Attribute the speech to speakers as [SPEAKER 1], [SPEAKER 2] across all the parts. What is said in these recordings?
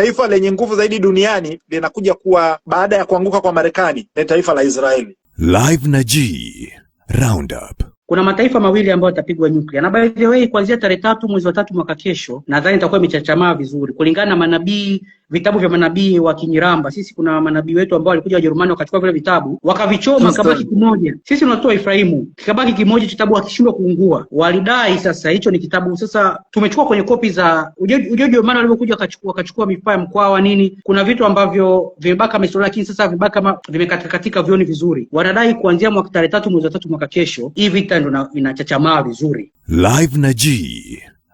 [SPEAKER 1] taifa lenye nguvu zaidi duniani linakuja kuwa baada ya kuanguka kwa Marekani ni taifa la Israeli.
[SPEAKER 2] Live na G Roundup.
[SPEAKER 1] Kuna mataifa mawili ambayo yatapigwa nyuklia, na by the way, kuanzia tarehe tatu mwezi wa tatu mwaka kesho, nadhani itakuwa imechachamaa vizuri kulingana na manabii vitabu vya manabii wa Kinyiramba. Sisi kuna manabii wetu ambao walikuja Wajerumani wakachukua vile vitabu wakavichoma, kabaki kimoja. Sisi tunatoa Efraimu, kikabaki kimoja kitabu, akishindwa kuungua walidai sasa hicho ni kitabu. Sasa tumechukua kwenye kopi za Ujerumani walivyokuja wakachukua, wakachukua mifaa ya Mkwawa nini, kuna vitu ambavyo vimebaka mesura, lakini sasa vimebaka kama katika vioni vizuri. Wanadai kuanzia mwaka tarehe tatu mwezi wa tatu mwaka kesho, hii vita ndo inachachamaa vizuri.
[SPEAKER 2] Live na G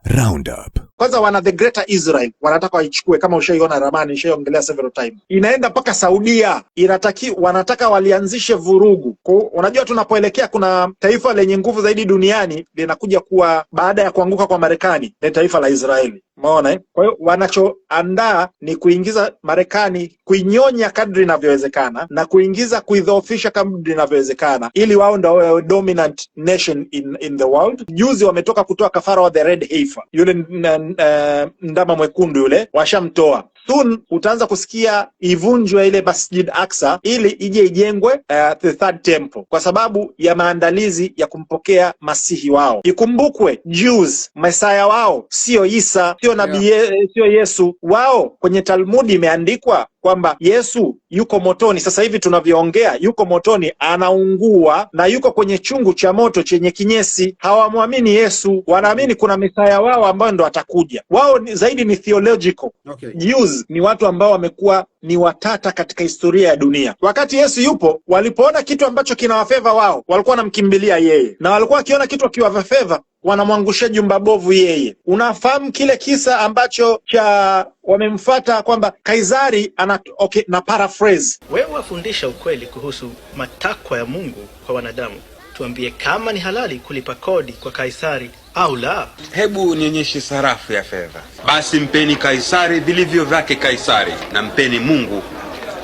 [SPEAKER 2] Roundup
[SPEAKER 1] kwanza wana the greater Israel wanataka waichukue, kama ushaiona ramani, ushaiongelea several time, inaenda mpaka Saudia. Inataki, wanataka walianzishe vurugu. Unajua, tunapoelekea kuna taifa lenye nguvu zaidi duniani linakuja kuwa baada ya kuanguka kwa Marekani ni taifa la Israeli maona eh? Kwa hiyo wanachoandaa ni kuingiza Marekani, kuinyonya kadri inavyowezekana na kuingiza, kuidhoofisha kadri inavyowezekana, ili wao ndio wawe dominant nation in, in the world. Juzi wametoka kutoa kafara wa the red heifer, yule uh, ndama mwekundu yule washamtoa soon utaanza kusikia ivunjwe ile Masjid Aqsa ili ije ijengwe uh, the third temple kwa sababu ya maandalizi ya kumpokea masihi wao. Ikumbukwe Jews Mesaya wao sio Isa, sio nabii yeah, sio Yesu. Wao kwenye Talmudi imeandikwa kwamba Yesu yuko motoni sasa hivi tunavyoongea, yuko motoni anaungua, na yuko kwenye chungu cha moto chenye kinyesi. Hawamwamini Yesu, wanaamini kuna misaya wao ambayo ndo atakuja. Wao zaidi ni theological okay. Jews ni watu ambao wamekuwa ni watata katika historia ya dunia. Wakati Yesu yupo, walipoona kitu ambacho kinawafeva wao, walikuwa wanamkimbilia yeye, na walikuwa wakiona kitu akiwafeva wanamwangushia jumba bovu yeye. Unafahamu kile kisa ambacho cha wamemfuata kwamba Kaisari ana okay, na paraphrase,
[SPEAKER 3] wewe wafundisha ukweli kuhusu matakwa ya Mungu kwa wanadamu, tuambie kama ni halali kulipa kodi kwa Kaisari au la.
[SPEAKER 4] Hebu nionyeshe sarafu ya fedha. Basi mpeni Kaisari vilivyo vyake Kaisari, na mpeni Mungu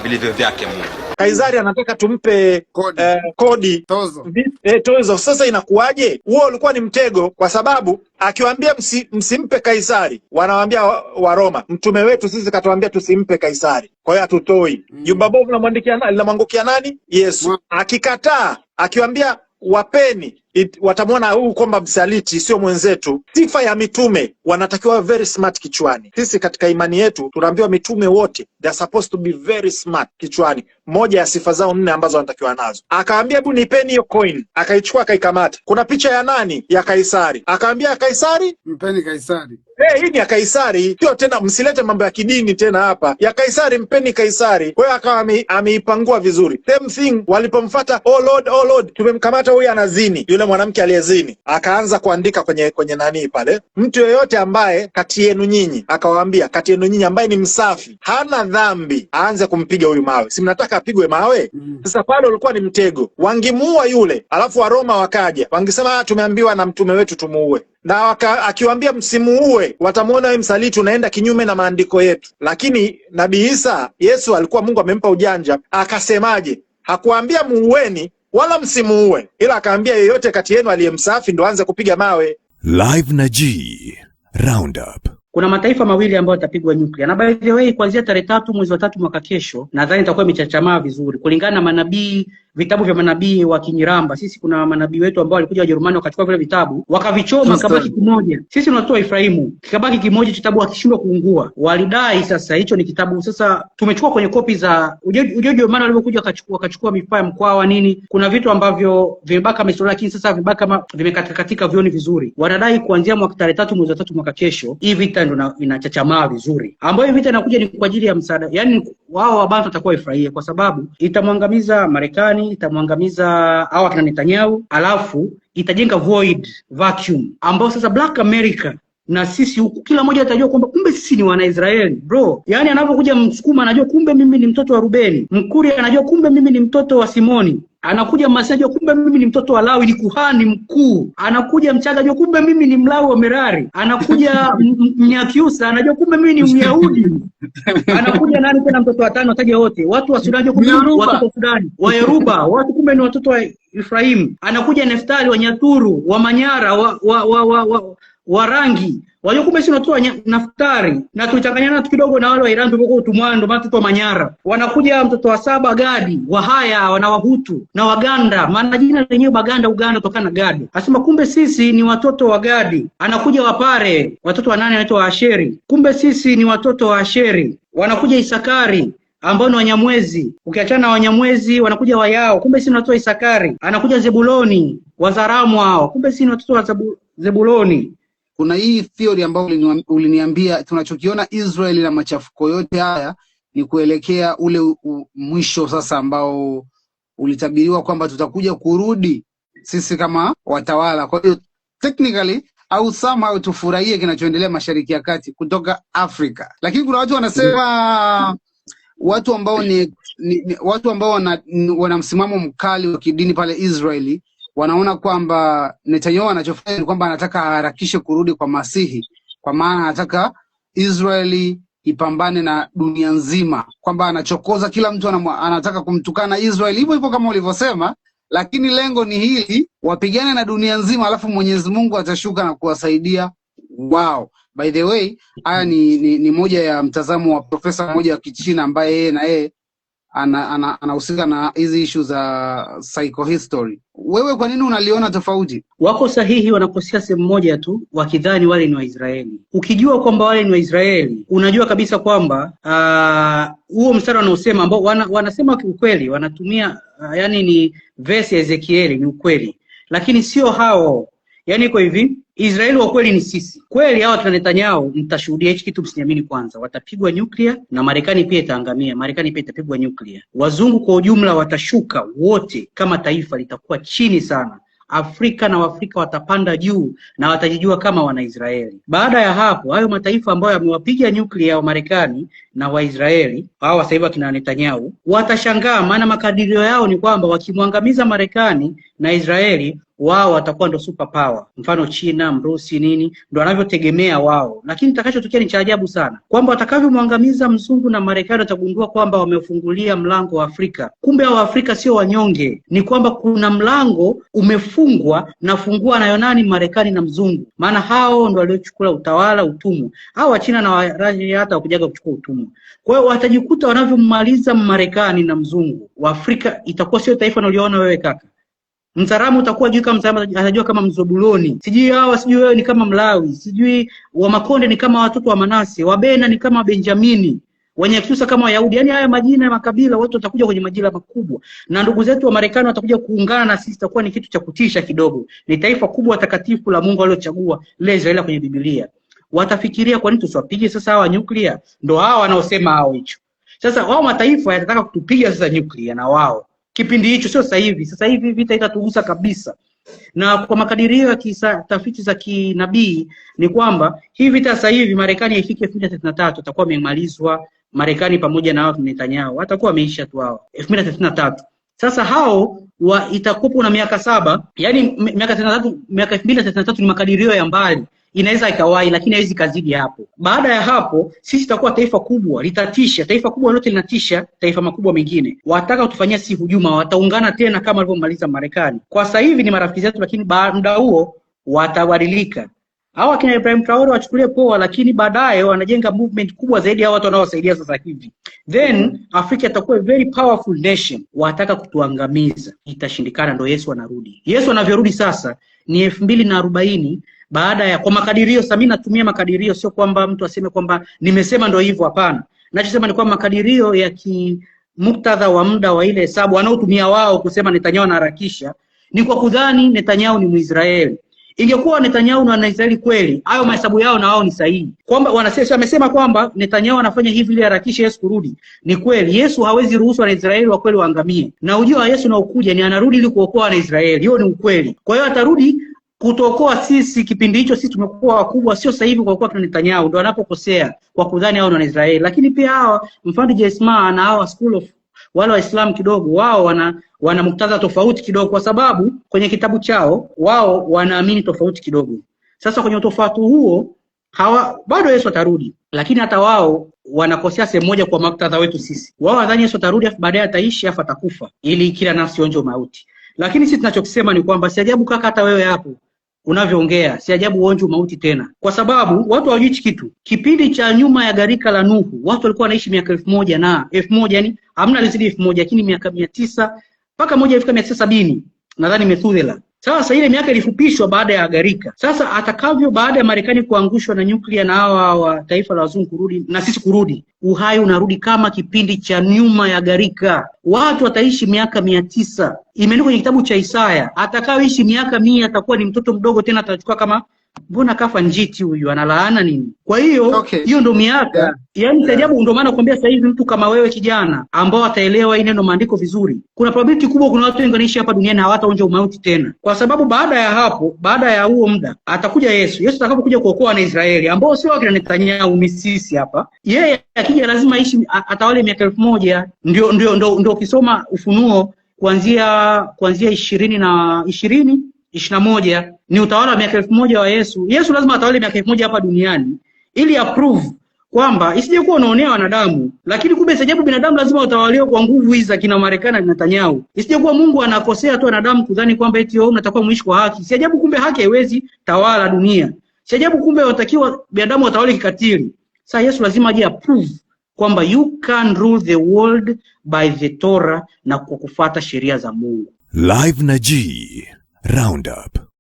[SPEAKER 4] vilivyo vyake Mungu.
[SPEAKER 1] Kaisari anataka tumpe kodi, uh, kodi. Tozo. Eh, tozo. Sasa inakuwaje? Huo ulikuwa ni mtego, kwa sababu akiwaambia msi, msimpe Kaisari, wanawaambia Waroma Roma, mtume wetu sisi katuambia tusimpe Kaisari, kwa hiyo hatutoi. Mm. Jumba bovu linamwangukia nani? Yesu. Akikataa, akiwaambia wapeni watamwona huu kwamba msaliti sio mwenzetu. Sifa ya mitume wanatakiwa very smart kichwani. Sisi katika imani yetu tunaambiwa mitume wote they are supposed to be very smart kichwani, moja ya sifa zao nne ambazo wanatakiwa nazo. Akaambia, hebu nipeni hiyo coin. Akaichukua akaikamata. Kuna picha ya nani? Ya Kaisari. Akaambia Kaisari,
[SPEAKER 5] mpeni Kaisari.
[SPEAKER 1] Eh, hii ni ya Kaisari, sio tena, msilete mambo ya kidini tena hapa. Ya Kaisari mpeni Kaisari. Kwa hiyo akawa ameipangua vizuri. Same thing walipomfuata, oh Lord, oh Lord, tumemkamata huyu anazini, yule mwanamke aliyezini. Akaanza kuandika kwenye kwenye nani pale, mtu yeyote ambaye kati yenu nyinyi, akawaambia kati yenu nyinyi ambaye ni msafi, hana dhambi, aanze kumpiga huyu mawe. Si mnataka apigwe mawe? Mm. Sasa pale ulikuwa ni mtego, wangimuua yule, alafu Waroma wakaja, wangesema ah, tumeambiwa na mtume wetu tumuue na waka, msimu uwe watamwona we msaliti, unaenda kinyume na maandiko yetu. Lakini nabii Isa, Yesu alikuwa Mungu amempa ujanja, akasemaje? Hakuambia muueni wala msimu uwe ila akaambia yeyote kati yenu aliyemsafi ndo anze kupiga mawe.
[SPEAKER 2] Live na G Roundup.
[SPEAKER 1] Kuna mataifa mawili ambayo yatapigwa nyuklia, na by the way, kuanzia tarehe tatu mwezi wa tatu mwaka kesho, nadhani itakuwa imechachamaa vizuri kulingana na manabii vitabu vya manabii wa Kinyiramba. Sisi kuna manabii wetu ambao walikuja Wajerumani wakachukua vile vitabu wakavichoma, kikabaki kimoja. Sisi tunatoa Efraimu, kikabaki kimoja kitabu akishindwa kuungua, walidai sasa hicho ni kitabu. Sasa tumechukua kwenye kopi za Ujerumani walivyokuja wakachukua, wakachukua mifaa ya mkwawa nini, kuna vitu ambavyo vimebaka historia, lakini sasa vimebaka vimekatika katika vioni vizuri. Wanadai kuanzia mwaka tarehe tatu mwezi wa tatu mwaka kesho, hii vita ndio inachachamaa vizuri, ambayo vita inakuja ni kwa ajili ya msaada, yani wao wabantu watakuwa waifurahia kwa sababu itamwangamiza Marekani, itamwangamiza au akina Netanyahu, alafu itajenga void vacuum ambao sasa Black America na sisi huku kila mmoja atajua kwamba kumbe sisi ni Wanaisraeli bro. yaani anavyokuja Msukuma anajua kumbe mimi ni mtoto wa Rubeni, mkuri anajua kumbe mimi ni mtoto wa Simoni, Anakuja Masai kumbe mimi ni mtoto wa Lawi, ni kuhani mkuu. Anakuja Mchaga jua kumbe mimi ni Mlawi wa Merari. Anakuja Mnyakyusa anajua kumbe mimi ni Myahudi. Anakuja nani tena, mtoto wa tano ataja wote, watu wa Sudani ajua kumbe watoto wa Sudani, Wayeruba watu kumbe ni watoto wa Efraim. Anakuja Neftali, Wanyaturu, Nyaturu, wa, wa, wa, wa, wa, rangi Wajua kumbe si unatoa naftari na tulichanganyana kidogo na wale wa Iran tulikuwa utumwando ndio maana mtoto Manyara wanakuja mtoto wa saba Gadi wa haya wana Wahutu na Waganda, maana jina lenyewe Baganda Uganda kutokana na Gadi. asema kumbe sisi ni watoto wa Gadi. Anakuja Wapare watoto wa nane anaitwa Asheri, kumbe sisi ni watoto wa Asheri. Wanakuja Isakari ambao ni Wanyamwezi, ukiachana na Wanyamwezi wanakuja Wayao, kumbe sisi ni watoto wa Isakari. Anakuja Zebuloni, Wazaramu hao, kumbe sisi ni watoto wa Zebuloni
[SPEAKER 6] kuna hii theory ambayo uliniambia tunachokiona Israel na machafuko yote haya ni kuelekea ule u, u, mwisho sasa ambao ulitabiriwa kwamba tutakuja kurudi sisi kama watawala. Kwa hiyo technically au somehow tufurahie kinachoendelea Mashariki ya Kati kutoka Afrika, lakini kuna watu wanasema watu ambao ni, ni, ni watu ambao wana, wana msimamo mkali wa kidini pale Israeli wanaona kwamba Netanyahu anachofanya ni kwamba anataka aharakishe kurudi kwa Masihi, kwa maana anataka Israeli ipambane na dunia nzima, kwamba anachokoza kila mtu anataka kumtukana Israeli hivyo hivyo kama ulivyosema, lakini lengo ni hili, wapigane na dunia nzima, alafu Mwenyezi Mungu atashuka na kuwasaidia wao. By the way, haya ni, ni, ni moja ya mtazamo wa profesa mmoja wa Kichina ambaye yeye na yeye anahusika ana, ana na hizi ishu za psychohistory. Wewe kwa nini unaliona tofauti?
[SPEAKER 1] Wako sahihi wanakosea sehemu moja tu, wakidhani wale ni Waisraeli. Ukijua kwamba wale ni Waisraeli, unajua kabisa kwamba uh, huo uh, mstari wanaosema ambao wana, wanasema kiukweli, wanatumia uh, yani ni vesi ya Ezekieli, ni ukweli, lakini sio hao. Yani iko hivi Israeli wa kweli ni sisi. Kweli hawa kina Netanyahu mtashuhudia hichi kitu, msinyamini kwanza, watapigwa nyuklia na Marekani pia itaangamia, Marekani pia itapigwa nyuklia. Wazungu kwa ujumla watashuka wote, kama taifa litakuwa chini sana. Afrika na Waafrika watapanda juu na watajijua kama Wanaisraeli. Baada ya hapo, hayo mataifa ambayo yamewapiga nyuklia wa Marekani na Waisraeli hao sasa hivi wakina Netanyahu watashangaa, maana makadirio yao ni kwamba wakimwangamiza Marekani na Israeli wao watakuwa ndo super power, mfano China, Mrusi nini, ndo wanavyotegemea wao. Lakini kitakachotokea ni cha ajabu sana, kwamba watakavyomwangamiza mzungu na Marekani watagundua kwamba wamefungulia mlango wa Afrika. Kumbe hao Waafrika sio wanyonge, ni kwamba kuna mlango umefungwa na fungua nayo nani? Marekani na mzungu, maana hao ndo waliochukua utawala utumwa. Hao Wachina na Warasia hata wakujaga kuchukua utumwa. Kwa hiyo watajikuta wanavyommaliza Marekani na mzungu, Waafrika itakuwa sio taifa unaliona wewe kaka Mzaramo utakuwa juu kama Mzaramo atajua kama Mzobuloni, sijui hawa, sijui wewe ni kama Mlawi, sijui wa Makonde ni kama watoto wa Manase, Wabena ni kama Benjamini, wenye Wanyakyusa kama Wayahudi. Yani haya majina ya makabila, watu watakuja kwenye majira makubwa, na ndugu zetu wa Marekani watakuja kuungana na sisi, itakuwa ni kitu cha kutisha kidogo. Ni taifa kubwa takatifu la Mungu aliochagua lile Israeli kwenye Biblia. Watafikiria kwa nini tusiwapige sasa hawa nyuklia? Ndio hawa wanaosema hao hicho. Sasa wao mataifa yatataka kutupiga sasa nyuklia na wao kipindi hicho, sio sasa hivi. Sasa hivi vita itatugusa kabisa, na kwa makadirio ya tafiti za kinabii ni kwamba hii vita sasa hivi Marekani haifiki elfu mbili na thelathini na tatu atakuwa amemalizwa Marekani pamoja na Netanyahu atakuwa ameisha tu hao elfu mbili na thelathini na tatu. Sasa hao itakupo na miaka saba, yani miaka elfu mbili na thelathini na tatu ni makadirio ya mbali inaweza ikawai, lakini haiwezi kazidi hapo. Baada ya hapo, sisi tutakuwa taifa kubwa, litatisha taifa kubwa lote, linatisha taifa makubwa mengine. Wataka kutufanyia si hujuma, wataungana tena kama walivyomaliza Marekani. Kwa sasa hivi ni marafiki zetu, lakini muda huo watabadilika. Hao akina Ibrahim Traore wachukulie poa, lakini baadaye wanajenga movement kubwa zaidi ya watu wanaowasaidia sasa hivi, then Afrika itakuwa very powerful nation. Wataka kutuangamiza, itashindikana. Ndo Yesu anarudi. Yesu anavyorudi sasa ni elfu mbili na arobaini baada ya kwa makadirio. Sasa mimi natumia makadirio, sio kwamba mtu aseme kwamba nimesema ndio hivyo, hapana. Ninachosema ni kwamba makadirio ya kimuktadha wa muda wa ile hesabu wanaotumia wao kusema Netanyahu anaharakisha ni kwa kudhani Netanyahu ni Mwisraeli. Ingekuwa Netanyahu na Israeli kweli, hayo mahesabu yao na wao ni sahihi, kwamba wanasema amesema kwamba Netanyahu anafanya hivi ili harakishe Yesu kurudi. Ni kweli, Yesu hawezi ruhusu Wanaisraeli wa kweli waangamie, na ujio wa Yesu na ukuja ni anarudi ili kuokoa Wanaisraeli. Hiyo ni ukweli. Kwa hiyo atarudi kutokoa sisi kipindi hicho sisi tumekuwa wakubwa, sio sasa hivi kwa kuwa tuna Netanyahu ndo anapokosea kwa kudhani hao ni Waisraeli, lakini pia hawa mfano Jesma na hawa school of wale Waislamu kidogo wao wana wana muktadha tofauti kidogo, kwa sababu kwenye kitabu chao wao wanaamini tofauti kidogo. Sasa kwenye utofauti huo hawa bado Yesu atarudi, lakini hata wao wanakosea sehemu moja kwa muktadha wetu sisi. Wao wadhani Yesu atarudi afu baadaye ataishi afu atakufa ili kila nafsi ionje mauti, lakini sisi tunachokisema ni kwamba si ajabu kaka, hata wewe hapo unavyoongea si ajabu uonje mauti tena, kwa sababu watu hawajui hichi kitu. Kipindi cha nyuma ya gharika la Nuhu watu walikuwa wanaishi miaka elfu moja na elfu moja yani hamna lizidi elfu moja lakini miaka mia tisa mpaka moja ifika mia tisa sabini nadhani Methuhela. Sasa ile miaka ilifupishwa baada ya gharika. Sasa atakavyo baada ya Marekani kuangushwa na nyuklia na hawa wa taifa la wazungu kurudi na sisi kurudi, uhai unarudi kama kipindi cha nyuma ya gharika. Watu wataishi miaka mia tisa, imeandikwa kwenye kitabu cha Isaya. Atakayoishi miaka mia atakuwa ni mtoto mdogo, tena atachukua kama mbona kafa njiti huyu analaana nini? Kwa hiyo hiyo okay. Ndo miaka yeah. Yani tajabu yeah. ndo maana kuambia sasa hivi mtu kama wewe kijana ambao ataelewa hii neno maandiko vizuri, kuna probability kubwa, kuna watu wengi wanaishi hapa duniani hawataonja umauti tena, kwa sababu baada ya hapo, baada ya huo muda atakuja Yesu. Yesu atakapokuja kuokoa Wanaisraeli ambao sio wakina Netanyahu misisi hapa, yeye akija lazima ishi atawale miaka elfu moja ndio ndio ndio ukisoma Ufunuo kuanzia kuanzia ishirini na ishirini ishirini na moja ni utawala wa miaka elfu moja wa Yesu. Yesu lazima atawale miaka elfu moja hapa duniani ili approve kwamba isije kuwa unaonea wanadamu, lakini kumbe sijabu binadamu lazima utawaliwe kwa nguvu hizi za kina Marekani na Netanyahu. Isije kuwa Mungu anakosea tu wanadamu kudhani kwamba eti wewe unatakiwa muishi kwa haki. Sijabu kumbe haki haiwezi tawala dunia. Sijabu kumbe watakiwa binadamu watawale kikatili. Sasa Yesu lazima aje approve kwamba you can rule the world by the Torah na kwa kufuata sheria za Mungu. Live na G Roundup